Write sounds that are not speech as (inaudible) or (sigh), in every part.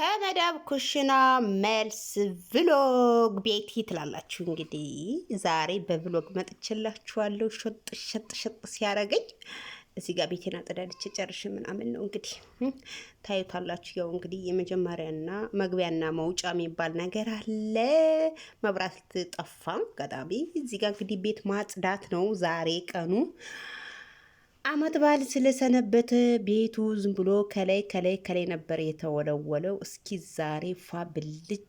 ከመዳብ ኩሽና መልስ ቭሎግ ቤቲ ትላላችሁ። እንግዲህ ዛሬ በቪሎግ መጥቼላችኋለሁ። ሸጥ ሸጥ ሸጥ ሲያደርገኝ እዚህ ጋር ቤቴን አጠዳድቼ ጨርሼ ምናምን ነው እንግዲህ ታዩታላችሁ። ያው እንግዲህ የመጀመሪያና መግቢያና መውጫ የሚባል ነገር አለ። መብራት ጠፋ አጋጣሚ። እዚህ ጋር እንግዲህ ቤት ማጽዳት ነው ዛሬ ቀኑ አመት በዓል ስለሰነበተ ቤቱ ዝም ብሎ ከላይ ከላይ ከላይ ነበር የተወለወለው። እስኪ ዛሬ ፏ ብልጭ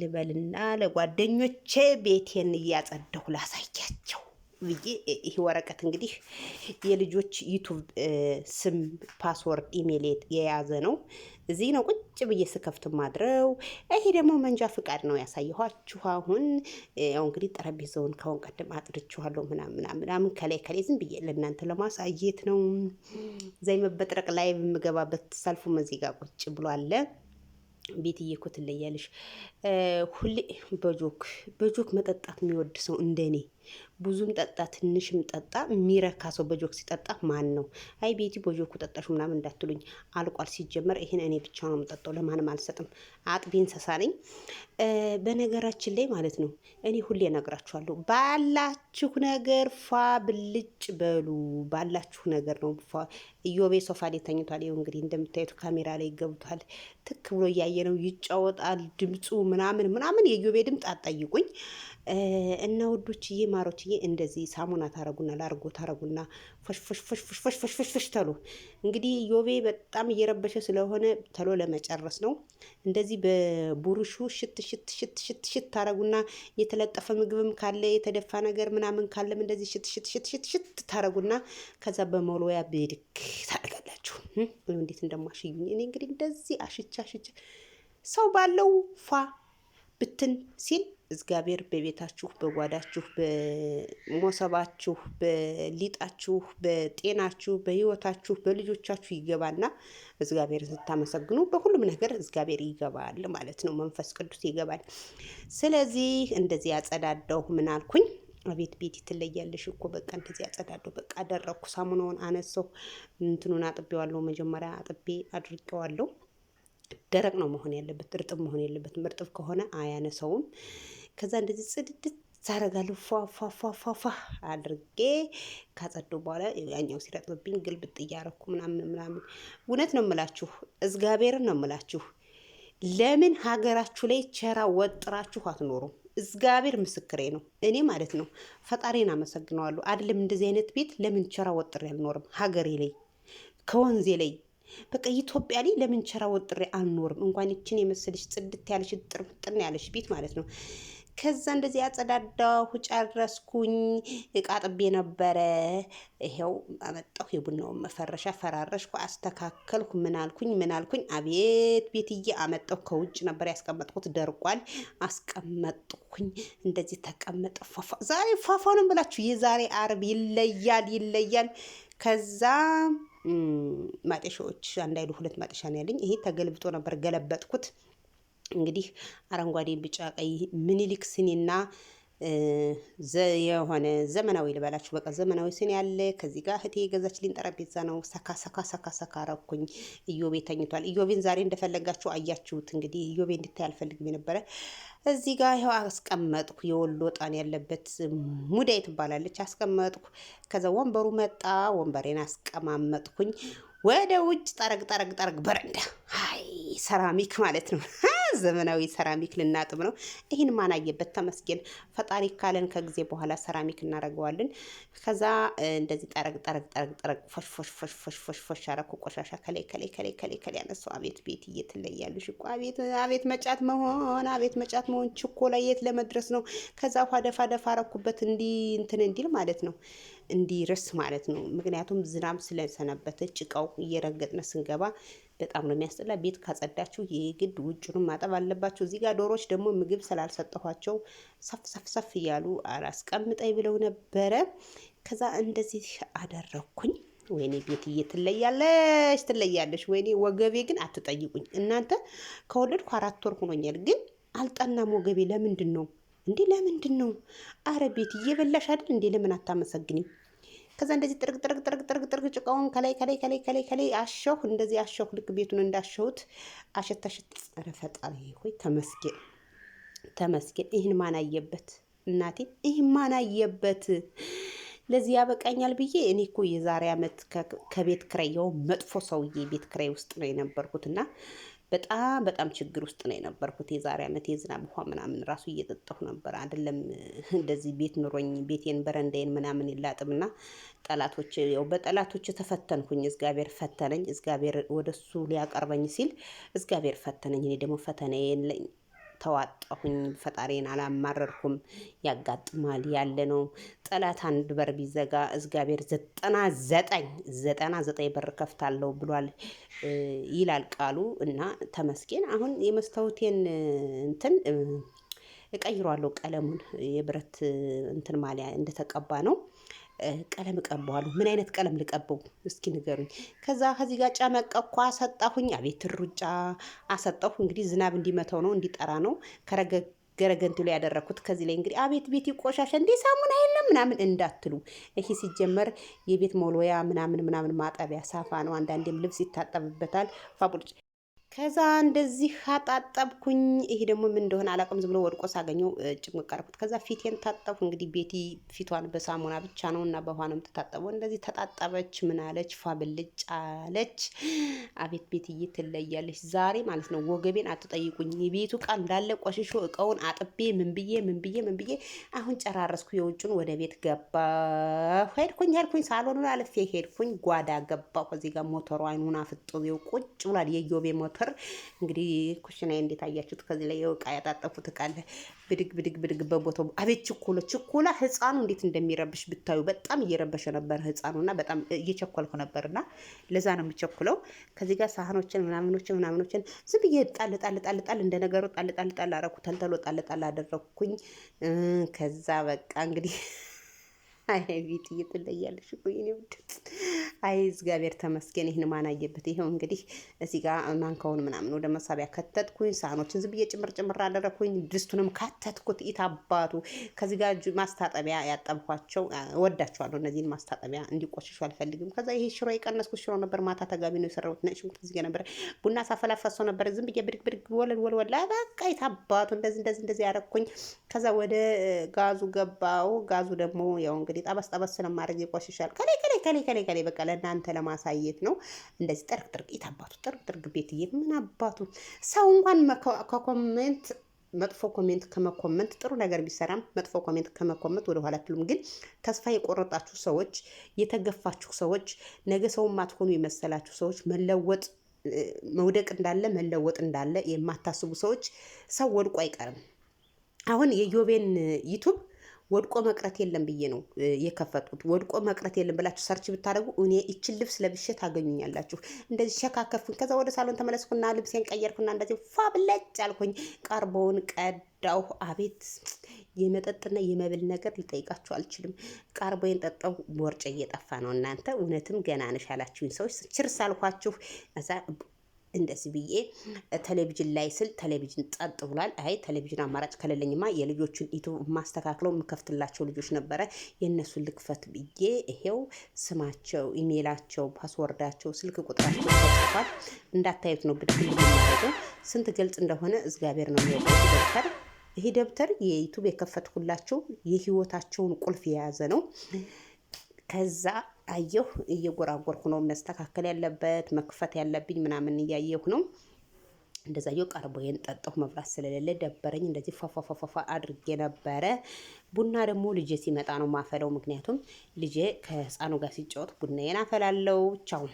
ልበልና ለጓደኞቼ ቤቴን እያጸደሁ ላሳያቸው። ብዬ ይህ ወረቀት እንግዲህ የልጆች ዩቱብ ስም፣ ፓስወርድ፣ ኢሜል የያዘ ነው። እዚህ ነው ቁጭ ብዬ ስከፍት ማድረው። ይሄ ደግሞ መንጃ ፍቃድ ነው ያሳየኋችሁ። አሁን ያው እንግዲህ ጠረጴዛውን ከአሁን ቀደም አጥርችኋለሁ ምናምን ምናምን ከላይ ከላይ ዝም ብዬ ለእናንተ ለማሳየት ነው። ዘይ መበጥረቅ ላይ የምገባበት ሰልፉ መዚጋ ቁጭ ብሎ አለ። እየኮት ለያለሽ ሁሌ በጆክ በጆክ መጠጣት የሚወድ ሰው እንደኔ ብዙም ጠጣ ትንሽም ጠጣ የሚረካ ሰው በጆክ ሲጠጣ ማን ነው? አይ ቤቲ በጆኩ ጠጣሽ ምናምን እንዳትሉኝ፣ አልቋል። ሲጀመር ይህን እኔ ብቻ ነው የምጠጣው፣ ለማንም አልሰጥም። አጥቤን እንስሳ በነገራችን ላይ ማለት ነው እኔ ሁሌ እነግራችኋለሁ፣ ባላችሁ ነገር ፏ ብልጭ በሉ። ባላችሁ ነገር ነው እዮቤ ሶፋ ላይ ተኝቷል። ይኸው እንግዲህ እንደምታዩት ካሜራ ላይ ገብቷል ትክ ብሎ እያየ ነው ይጫወጣል። ድምፁ ምናምን ምናምን የዮቤ ድምፅ አጠይቁኝ። እና ማሮች ማሮችዬ እንደዚህ ሳሙና ታረጉና ላርጎ ታረጉና ፈሽፈሽፈሽፈሽፈሽፈሽ ተሉ። እንግዲህ ዮቤ በጣም እየረበሸ ስለሆነ ተሎ ለመጨረስ ነው። እንደዚህ በቡሩሹ ሽት ሽት ሽት ሽት ሽት ታረጉና የተለጠፈ ምግብም ካለ የተደፋ ነገር ምናምን ካለም እንደዚህ ሽት ሽት ሽት ሽት ሽት ታረጉና ከዛ በመወልወያ ብድክ ታደርጋላችሁ። እንዴት እንደማሽዩኝ እኔ እንግዲህ እንደዚህ አሽቻ አሽቻ ሰው ባለው ፏ ብትን ሲል እግዚአብሔር በቤታችሁ፣ በጓዳችሁ፣ በሞሰባችሁ፣ በሊጣችሁ፣ በጤናችሁ፣ በህይወታችሁ፣ በልጆቻችሁ ይገባና እግዚአብሔር ስታመሰግኑ በሁሉም ነገር እግዚአብሔር ይገባል ማለት ነው። መንፈስ ቅዱስ ይገባል። ስለዚህ እንደዚህ ያጸዳደው ምን አልኩኝ? ቤት ቤት ትለያለሽ እኮ በቃ እንደዚህ ያጸዳደው በቃ አደረግኩ። ሳሙናውን አነሰው እንትኑን አጥቤዋለሁ። መጀመሪያ አጥቤ አድርቄዋለሁ። ደረቅ ነው መሆን ያለበት፣ እርጥብ መሆን የለበትም። እርጥብ ከሆነ አያነሰውም። ከዛ እንደዚህ ጽድድት ሳረጋለሁ ፏፏፏፏፏ አድርጌ ካጸዱ በኋላ ያኛው ሲረጥብብኝ ግልብጥ እያረኩ ምናምን ምናምን። እውነት ነው የምላችሁ፣ እግዚአብሔርን ነው የምላችሁ። ለምን ሀገራችሁ ላይ ቸራ ወጥራችሁ አትኖሩም? እግዚአብሔር ምስክሬ ነው። እኔ ማለት ነው ፈጣሪን አመሰግነዋለሁ። አይደለም እንደዚህ አይነት ቤት ለምን ቸራ ወጥሬ አልኖርም? ሀገሬ ላይ ከወንዜ ላይ በቃ ኢትዮጵያ ላይ ለምን ቸራ ወጥሬ አልኖርም? እንኳን ይችን የመሰለች ጽድት ያለች ጥርፍጥና ያለች ቤት ማለት ነው ከዛ እንደዚህ ያጸዳዳሁ ጨረስኩኝ። እቃ ጥቤ ነበረ፣ ይሄው አመጣሁ። የቡናውን መፈረሻ ፈራረሽኩ፣ አስተካከልኩ። ምን አልኩኝ ምን አልኩኝ? አቤት ቤትዬ፣ አመጣሁ። ከውጭ ነበር ያስቀመጥኩት፣ ደርቋል። አስቀመጥኩኝ። እንደዚህ ተቀመጠ። ፏፏ ዛሬ ፏፏ ነው ብላችሁ የዛሬ አርብ ይለያል፣ ይለያል። ከዛ ማጤሻዎች አንድ አይሉ ሁለት ማጤሻ ነው ያለኝ። ይሄ ተገልብጦ ነበር፣ ገለበጥኩት። እንግዲህ አረንጓዴ፣ ቢጫ፣ ቀይ ምኒልክ ስኒና የሆነ ዘመናዊ ልበላችሁ በቃ ዘመናዊ ስኒ ያለ ከዚህ ጋር እህቴ የገዛችልኝ ጠረጴዛ ነው። ሰካ ሰካ ሰካ ሰካ አረኩኝ። እዮቤ ተኝቷል። እዮቤን ዛሬ እንደፈለጋችሁ አያችሁት። እንግዲህ እዮቤ እንድታይ አልፈልግም የነበረ እዚህ ጋር ይኸው አስቀመጥኩ። የወሎ ጣን ያለበት ሙዳይ ትባላለች። አስቀመጥኩ። ከዛ ወንበሩ መጣ። ወንበሬን አስቀማመጥኩኝ። ወደ ውጭ ጠረግ ጠረግ ጠረግ በረንዳ ሀይ ሰራሚክ ማለት ነው ዘመናዊ ሰራሚክ ልናጥብ ነው። ይህን ማናየበት ተመስገን ፈጣሪ ካለን ከጊዜ በኋላ ሰራሚክ እናደርገዋለን። ከዛ እንደዚህ ጠረግ ጠረግ ጠረግ ጠረግ ፎሽፎሽፎሽፎሽፎሽ አረኩ ቆሻሻ ከላይ ከላይ ከላይ ከላይ ከላይ ያነሱ። አቤት ቤት እየት እየትለያሉሽ እኮ አቤት አቤት መጫት መሆን አቤት መጫት መሆን ችኮ ላይ የት ለመድረስ ነው። ከዛ ውሃ ደፋ ደፋ አረኩበት እንዲ እንትን እንዲል ማለት ነው እንዲርስ ማለት ነው። ምክንያቱም ዝናብ ስለሰነበተ ጭቃው እየረገጥነ ስንገባ በጣም ነው የሚያስጠላ። ቤት ካጸዳችሁ የግድ ውጭንም ማጠብ አለባችሁ። እዚህ ጋር ዶሮች ደግሞ ምግብ ስላልሰጠኋቸው ሰፍ ሰፍ ሰፍ እያሉ አላስቀምጠኝ ብለው ነበረ። ከዛ እንደዚህ አደረግኩኝ። ወይኔ ቤትዬ ትለያለሽ ትለያለሽ። ወይኔ ወገቤ ግን አትጠይቁኝ እናንተ። ከወለድኩ አራት ወር ሆኖኛል፣ ግን አልጠናም ወገቤ። ለምንድን ነው እንዴ? ለምንድን ነው? አረ ቤትዬ በላሽ አይደል እንዴ? ለምን አታመሰግኝም? ከዛ እንደዚህ ጥርግ ጥርግ ጥርግ ጥርግ ጥርግ ጭቃውን ከላይ ከላይ ከላይ ከላይ ከላይ አሸሁ። እንደዚህ አሸሁ። ልክ ቤቱን እንዳሸሁት አሸት አሸት። ኧረ ፈጣሪ ሆይ ተመስገን ተመስገን። ይህን ማን አየበት? እናቴ ይህን ማን አየበት? ለዚህ ያበቃኛል ብዬ እኔ እኮ የዛሬ ዓመት ከቤት ክረየው መጥፎ ሰውዬ ቤት ክረይ ውስጥ ነው የነበርኩት እና በጣም በጣም ችግር ውስጥ ነው የነበርኩት። የዛሬ ዓመት የዝናብ ውሃ ምናምን ራሱ እየጠጠሁ ነበር። አይደለም (laughs) እንደዚህ ቤት ኑሮኝ ቤቴን በረንዳዬን ምናምን ይላጥምና ጠላቶች ያው በጠላቶች ተፈተንኩኝ። እግዚአብሔር ፈተነኝ። እግዚአብሔር ወደሱ ሊያቀርበኝ ሲል እግዚአብሔር ፈተነኝ። እኔ ደግሞ የለኝ ተዋጣሁኝ፣ ፈጣሪን አላማረርኩም። ያጋጥማል ያለ ነው። ጠላት አንድ በር ቢዘጋ እግዚአብሔር ዘጠና ዘጠኝ ዘጠና ዘጠኝ በር ከፍታለሁ ብሏል ይላል ቃሉ እና ተመስገን። አሁን የመስታወቴን እንትን እቀይሯለሁ ቀለሙን የብረት እንትን ማሊያ እንደተቀባ ነው ቀለም እቀባዋለሁ። ምን አይነት ቀለም ልቀበው እስኪ ንገሩኝ። ከዛ ከዚህ ጋር ጨመቀ እኮ አሰጣሁኝ። አቤት ሩጫ አሰጣሁ። እንግዲህ ዝናብ እንዲመተው ነው እንዲጠራ ነው ከረገ ገረገንቱ ላይ ያደረግኩት ከዚህ ላይ እንግዲህ አቤት ቤት ይቆሻሸ እንዴ ሳሙና የለም ምናምን እንዳትሉ። ይህ ሲጀመር የቤት መወልወያ ምናምን ምናምን ማጠቢያ ሳፋ ነው። አንዳንዴም ልብስ ይታጠብበታል ፋቡልጭ ከዛ እንደዚህ አጣጠብኩኝ። ይሄ ደግሞ ምን እንደሆነ አላውቅም። ዝም ብሎ ወድቆ ሳገኘው ጭምቅ አደረኩት። ከዛ ፊቴን ታጠብኩ። እንግዲህ ቤቲ ፊቷን በሳሙና ብቻ ነው እና በውሃ ነው የምትታጠበው። እንደዚህ ተጣጠበች፣ ምናለች፣ አለች? ብልጭ አለች። አቤት ቤትዬ ትለያለች ዛሬ ማለት ነው። ወገቤን አትጠይቁኝ። የቤቱ እቃ እንዳለ ቆሽሾ እቃውን አጥቤ ምን ብዬ ምን ብዬ ምን ብዬ አሁን ጨራረስኩ። የውጭን ወደ ቤት ገባሁ። ሄድኩኝ ሄድኩኝ፣ ሳሎኑን አልፌ ሄድኩኝ፣ ጓዳ ገባሁ። ከዚህ ጋር ሞተሯን ሁና ፍጦ ቁጭ ብሏል የዮቤ ሞተ ነበር። እንግዲህ ኩሽና እንዴት አያችሁት? ከዚህ ላይ የውቃ ያጣጠፉት እቃለ ብድግ ብድግ ብድግ በቦታው አቤት ችኮሎ ችኮላ ህፃኑ እንዴት እንደሚረብሽ ብታዩ። በጣም እየረበሸ ነበር ህፃኑና በጣም እየቸኮልኩ ነበርና ለዛ ነው የምቸኩለው። ከዚህ ጋር ሳህኖችን ምናምኖችን ምናምኖችን ዝም ብዬ ጣል ጣል ጣል ጣል እንደነገሩ ጣል ጣል ጣል አረኩ። ተልተሎ ጣል ጣል አደረኩኝ። ከዛ በቃ እንግዲህ ቤት እየተለያለሽ እኮ ውድ። አይ እግዚአብሔር ተመስገን። ይህን ማናየበት ይኸው እንግዲህ እዚህ ጋር ማንካውን ምናምን ወደ መሳቢያ ከተትኩኝ፣ ሳህኖችን ዝም ብዬ ጭምር ጭምር አደረግኩኝ፣ ድስቱንም ከተትኩት። አባቱ ከዚህ ጋር ማስታጠቢያ ያጠብኳቸው ወዳቸዋለሁ። እነዚህን ማስታጠቢያ እንዲቆሽሹ አልፈልግም። ከዛ ይሄ ሽሮ የቀነስኩት ሽሮ ነበር፣ ማታ ተጋቢ ነው የሰራሁት። ነጭ ሽንኩርት እዚህ ጋር ነበር፣ ቡና ሳፈላ ነበር። ዝም ብዬ ብድግ ብድግ ወለል ወለል፣ በቃ አባቱ እንደዚህ እንደዚህ እንደዚህ ያደረግኩኝ። ከዛ ወደ ጋዙ ገባው። ጋዙ ደግሞ ያው እንግዲህ እንግዲህ ጠበስ ጠበስ ስለማድረግ ይቆሽሻል። ከላይ ከላይ ከላይ ከላይ ከላይ በቃ ለእናንተ ለማሳየት ነው። እንደዚህ ጥርቅ ጥርቅ ይታባቱ ጥርቅ ጥርቅ ቤትዬ፣ ምን አባቱ ሰው እንኳን ከኮሜንት መጥፎ ኮሜንት ከመኮመንት ጥሩ ነገር ቢሰራም መጥፎ ኮሜንት ከመኮመንት ወደ ኋላ ትሉም። ግን ተስፋ የቆረጣችሁ ሰዎች፣ የተገፋችሁ ሰዎች፣ ነገ ሰው ማትሆኑ የመሰላችሁ ሰዎች መለወጥ መውደቅ እንዳለ መለወጥ እንዳለ የማታስቡ ሰዎች ሰው ወድቆ አይቀርም። አሁን የዮቤን ዩቱብ ወድቆ መቅረት የለም ብዬ ነው የከፈትኩት። ወድቆ መቅረት የለም ብላችሁ ሰርች ብታደርጉ እኔ ይችን ልብስ ለብሼ ታገኙኛላችሁ። እንደዚህ ሸካከፍኩኝ፣ ከዛ ወደ ሳሎን ተመለስኩና ልብሴን ቀየርኩና እንደዚህ ፋብለጭ አልኩኝ። ቀርቦውን ቀዳሁ። አቤት የመጠጥና የመብል ነገር ልጠይቃችሁ አልችልም። ቀርቦዬን ጠጣሁ። ወርጨ እየጠፋ ነው። እናንተ እውነትም ገና ነሽ ያላችሁኝ ሰዎች ችርስ አልኳችሁ እንደዚህ ብዬ ቴሌቪዥን ላይ ስል ቴሌቪዥን ጸጥ ብሏል። አይ ቴሌቪዥን አማራጭ ከሌለኝማ የልጆቹን ኢቱ ማስተካክለው የምከፍትላቸው ልጆች ነበረ የእነሱን ልክፈት ብዬ ይሄው ስማቸው፣ ኢሜይላቸው፣ ፓስወርዳቸው፣ ስልክ ቁጥራቸው ተጽፏል። እንዳታዩት ነው ብድግ ማድረገው ስንት ገልጽ እንደሆነ እግዚአብሔር ነው የሚያውቀው። ደብተር ይሄ ደብተር የዩቱብ የከፈትኩላቸው የህይወታቸውን ቁልፍ የያዘ ነው ከዛ አየሁ እየጎራጎርኩ ነው መስተካከል ያለበት መክፈት ያለብኝ ምናምን እያየሁ ነው። እንደዛ ዮ ቀርቦዬን ጠጣሁ። መብራት ስለሌለ ደበረኝ። እንደዚህ ፏፏፏፏ አድርጌ ነበረ። ቡና ደግሞ ልጄ ሲመጣ ነው ማፈለው። ምክንያቱም ልጄ ከህፃኑ ጋር ሲጫወት ቡናዬን አፈላለው። ቻው